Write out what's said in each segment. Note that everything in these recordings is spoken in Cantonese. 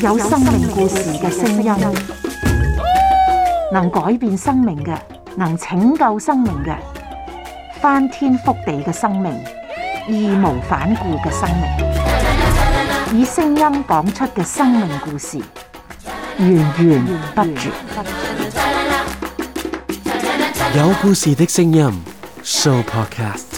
有生命故事嘅聲音，能改變生命嘅，能拯救生命嘅，翻天覆地嘅生命，義無反顧嘅生命，以聲音講出嘅生命故事，源源不絕。有故事嘅聲音，Show Podcast。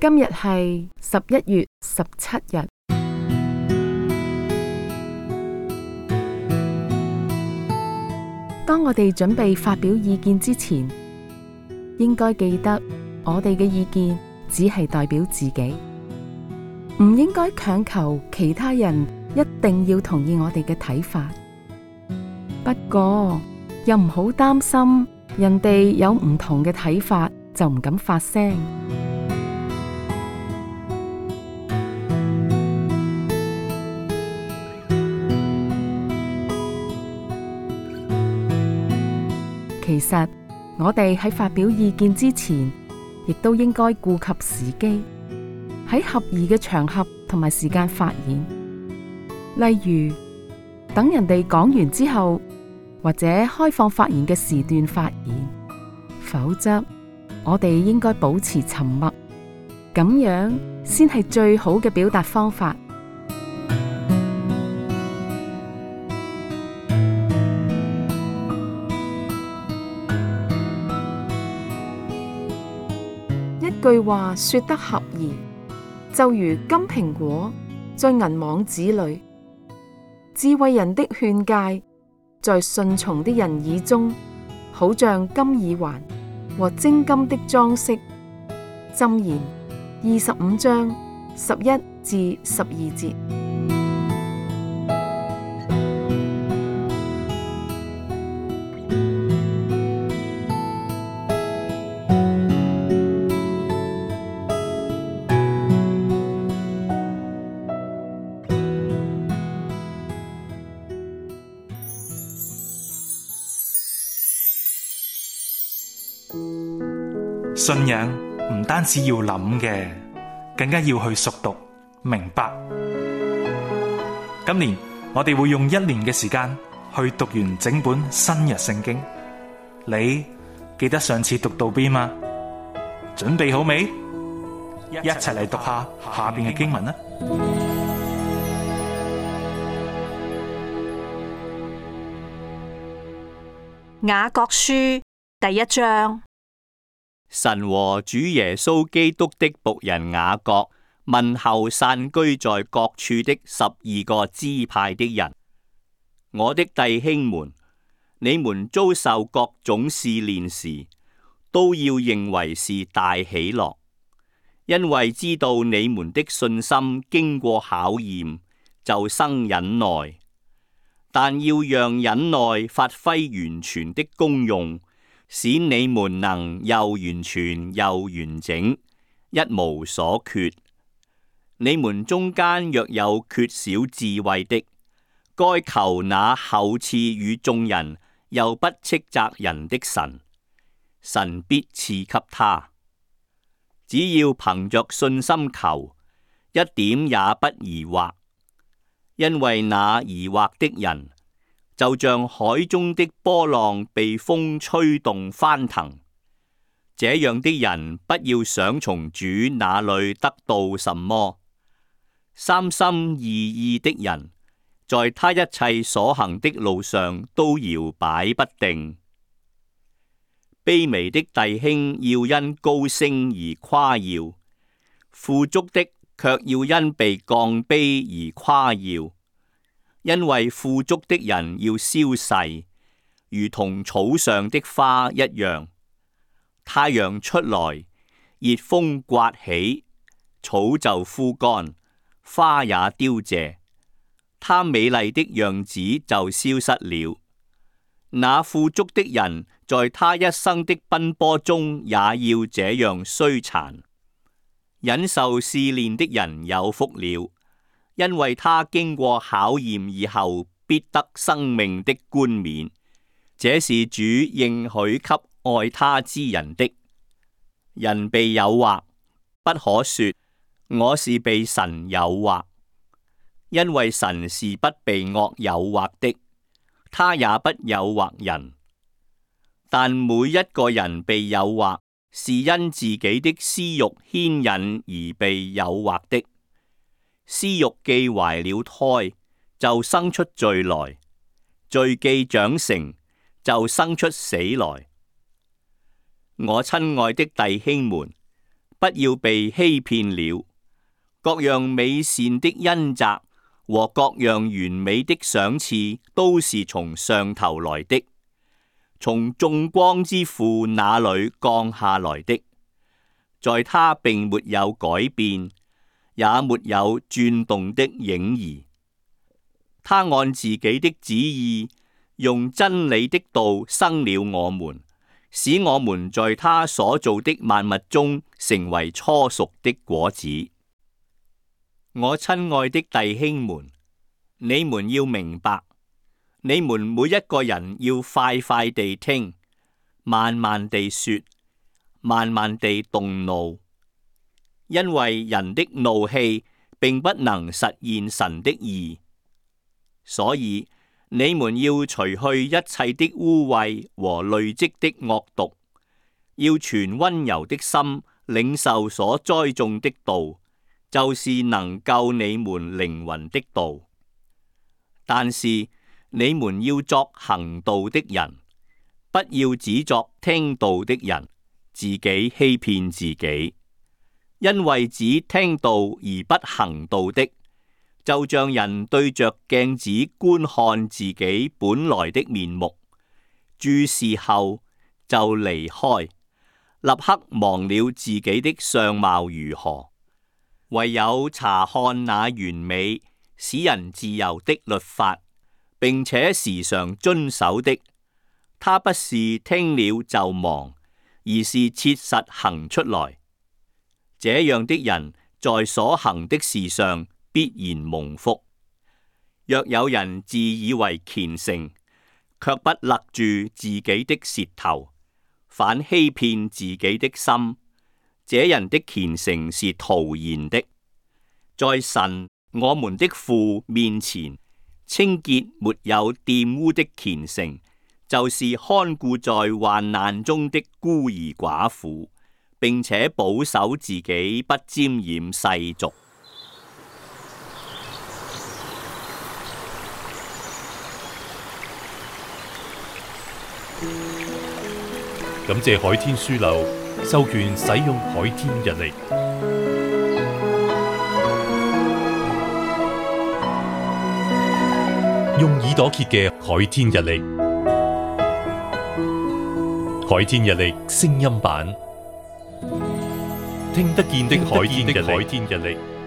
今日係十一月十七日。當我哋準備發表意見之前，應該記得我哋嘅意見只係代表自己，唔應該強求其他人一定要同意我哋嘅睇法。不過，又唔好擔心，人哋有唔同嘅睇法就唔敢發聲。其實我哋喺發表意見之前，亦都應該顧及時機，喺合宜嘅場合同埋時間發言。例如等人哋講完之後，或者開放發言嘅時段發言，否則，我哋應該保持沉默，咁樣先係最好嘅表達方法。一句話說得合宜，就如金蘋果在銀網子裏；智慧人的勸誡在順從的人耳中，好像金耳環和精金的裝飾。箴言二十五章十一至十二節。信仰唔單止要諗嘅，更加要去熟讀明白。今年我哋會用一年嘅時間去讀完整本新約聖經。你記得上次讀到邊嗎？準備好未？一齊嚟讀下下邊嘅經文啦！雅各書第一章。神和主耶穌基督的僕人雅各問候散居在各處的十二個支派的人：我的弟兄們，你們遭受各種試煉時，都要認為是大喜樂，因為知道你們的信心經過考驗，就生忍耐。但要讓忍耐發揮完全的功用。使你們能又完全又完整，一無所缺。你們中間若有缺少智慧的，該求那厚賜與眾人又不斥責人的神，神必賜給他。只要憑着信心求，一點也不疑惑，因為那疑惑的人。就像海中的波浪被風吹動翻騰，這樣的人不要想從主那裏得到什麼。三心二意的人，在他一切所行的路上都搖擺不定。卑微的弟兄要因高升而誇耀，富足的卻要因被降卑而誇耀。因為富足的人要消逝，如同草上的花一樣。太陽出來，熱風刮起，草就枯乾，花也凋謝，他美麗的樣子就消失了。那富足的人在他一生的奔波中也要這樣衰殘，忍受試煉的人有福了。因為他經過考驗以後，必得生命的冠冕。這是主應許給愛他之人的。人被誘惑，不可說我是被神誘惑，因為神是不被惡誘惑的，他也不誘惑人。但每一個人被誘惑，是因自己的私欲牽引而被誘惑的。私慾既懷了胎，就生出罪來；罪既長成，就生出死來。我親愛的弟兄們，不要被欺騙了。各樣美善的恩賜和各樣完美的賞賜，都是從上頭來的，從眾光之父那裏降下來的，在他並沒有改變。也沒有轉動的影兒。他按自己的旨意，用真理的道生了我們，使我們在他所造的萬物中成為初熟的果子。我親愛的弟兄們，你們要明白，你們每一個人要快快地聽，慢慢地說，慢慢地動怒。因為人的怒氣並不能實現神的義，所以你們要除去一切的污穢和累積的惡毒，要存溫柔的心，領受所栽種的道，就是能救你們靈魂的道。但是你們要作行道的人，不要只作聽道的人，自己欺騙自己。因為只聽道而不行道的，就像人對着鏡子觀看自己本來的面目，注視後就離開，立刻忘了自己的相貌如何。唯有查看那完美使人自由的律法，並且時常遵守的，他不是聽了就忘，而是切實行出來。這樣的人在所行的事上必然蒙福。若有人自以為虔誠，卻不勒住自己的舌頭，反欺騙自己的心，這人的虔誠是徒然的。在神我們的父面前，清潔沒有玷污的虔誠，就是看顧在患難中的孤兒寡婦。並且保守自己，不沾染世俗。感謝海天書樓授權使用海天日曆，用耳朵揭嘅海天日曆，海天日曆聲音版。聽得見的海天的海天日曆。